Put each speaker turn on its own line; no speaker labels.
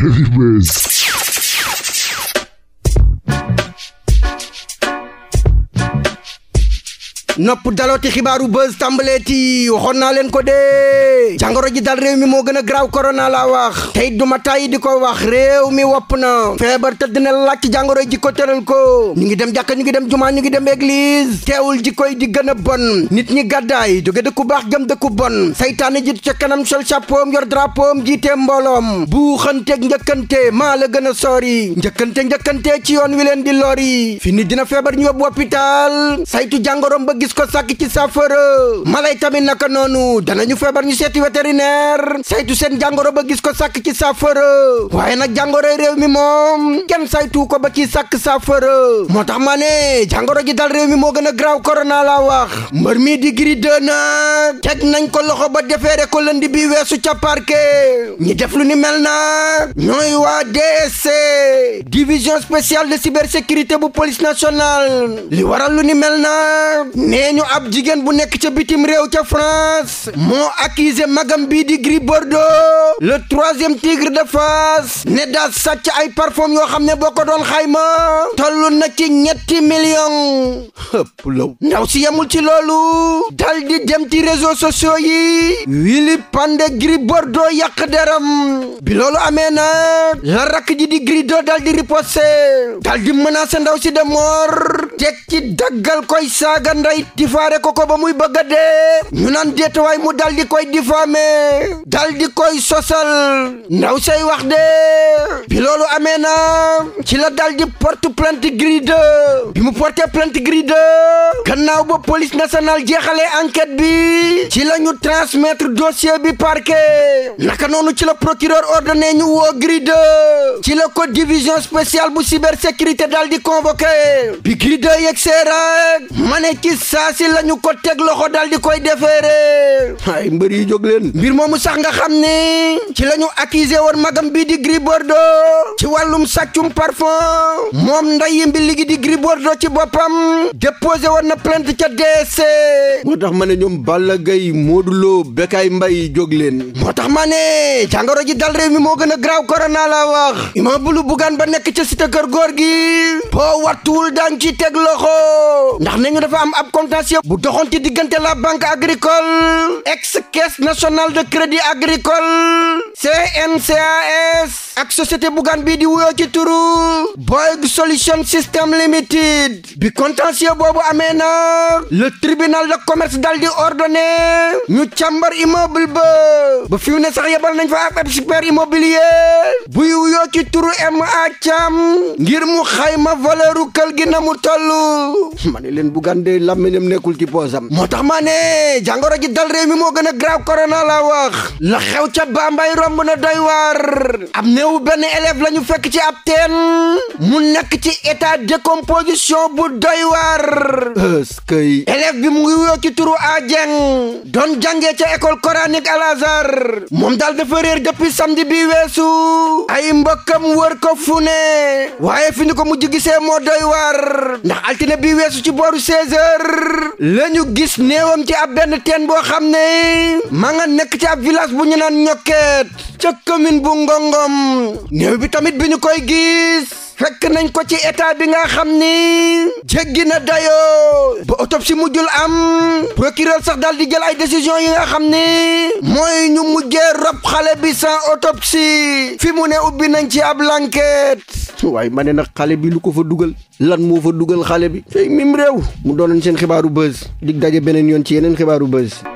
Heavyweights. nopp dalooti xibaaru buzz tàmbaleeti waxoon naa leen ko dee jàngoro ji dal réew mi moo gën a graaw korona laa wax tey duma tàyyi di ko wax réew mi wopp na feebar tëdd na laaj jàngoro ji ko tëral ko ñu ngi dem jàkka ñu ngi dem jumaa ñu ngi dem église teewul ji koy di gën a bon nit ñi gàddaay jóge dëkku baax jëm dëkku bon saytaane ji ca kanam sol chapeau yor drapeau jiite mbooloom buuxanteeg njëkkante maa la gën a sori njëkkante njëkkante ci yoon wi leen di lori fi nit dina feebar ñu yóbbu hôpital saytu jàngoroom ba gis gis ko sàkk ci saafara mala yi tamit naka noonu danañu feebar ñu seeti vétérinaire saytu seen jàngoro ba gis ko sàkk ci saafara waaye nag jàngoro réew mi moom kenn saytu ko ba ci sàkk saafara moo tax ma ne ji dal réew mi moo gën a graaw corona la wax mbër mii di Gris 2 nag teg nañ ko loxo ba defeere ko lënd bi weesu ca parquet ñi def lu ni mel nag ñooy waa DSC e, division spéciale de cybersécurité bu police nationale li waral lu ni mel nag nee ab jigéen bu nekk ca bitim réew ca France moo accusé magam bii di Gris Bordeaux le troisième tigre de Fass ne daa sàcc ay parfum yoo xam ne boo ko doon xayma toll na ci ñetti millions ndaw si yemul ci lolu dal di dem ci réseaux sociaux yi wili pande Gris Bordeaux yàq deram bi loolu amee na la rakk ji di Gris Bordeaux dal di riposté dal ndaw si de mort teg ci daggal koy saaga ndey difaare ko ko ba muy bëgg a ñu naan déetawaay mu dal di koy difaame dal di koy sosal ndaw say wax de bi loolu amee na ci la dal di porte plainte gride bi mu porte plainte gride gannaaw ba police nationale jeexalee enquête bi ci la ñu transmettre dossier bi parquet naka noonu ci la procureur ordonné ñu woo gride ci la ko division spéciale bu cybersécurité dal di convoqué bi gride yooyu yegsee rek ma ne ci la ko teg loxo dal di koy defeere ay mbër yi jóg leen mbir moomu sax nga xam ni ci la ñu woon magam bii di Gris Bordeaux ci wàllum sàccum parfum moom ndayi mbi ligi di Gris Bordeaux ci boppam déposé woon na plainte ca DSC moo tax ma ne ñoom Balla Gaye Modou Lo Bekaay Mbay jóg leen moo tax ma ne jàngoro ji dal réew mi moo gën a graaw korona la wax imaam bu lu bugaan ba nekk ca cité kër góor gi boo wattuwul daan ci teg loxo ndax nee ñu dafa am ab contentieux bu doxoon ci diggante la banque agricole ex caisse nationale de crédit agricole CNCAS ak société Bougane bii di wuyoo ci turu Boyg Solution System Limited bi contentieux boobu amee na le tribunal de commerce dal di ordonné ñu càmbar immeuble ba ba fi mu ne sax yebal nañ fa ab expert immobilier buy wuyoo turu MA Thiam ngir mu xayma valeuru kër gi na mu toll ma ne leen Bougane de làmmiñam nekkul ci poosam moo tax maa ne jàngoro ji dal réew mi moo gën a grave corona la wax la xew ca Bambay romb na doy waar am néew yow benn élève la ñu fekk ci ab teen mu nekk ci état décomposition bu doy waar ëskëy élève bi mu ngi wuyoo ci turu Ajeng doon jàngee ca école coranique Al Azhar moom daal dafa réer depuis samedi bi weesu ay mbokkam wër ko fu ne waaye fi ñu ko mu gisee moo doy waar ndax altine bi weesu ci booru 16 heures gis néewam ci ab benn teen boo xam ne ma nga nekk ci ab village bu ñu naan ñokkeet bu Ngongom néew bi tamit bi ñu koy gis rekk nañ ko ci état bi nga xam ni jéggi na dayo ba autopsie mujjul am procureur sax daal di jël ay décision yi nga xam ni mooy ñu mujjee rob xale bi san autopsie fi mu ne ubbi nañ ci ab l'enquête waaye ma ne nag xale bi lu ko fa dugal lan moo fa dugal xale bi fay mim réew mu doonoon seen xibaaru bës di daje beneen yoon ci yeneen xibaaru bës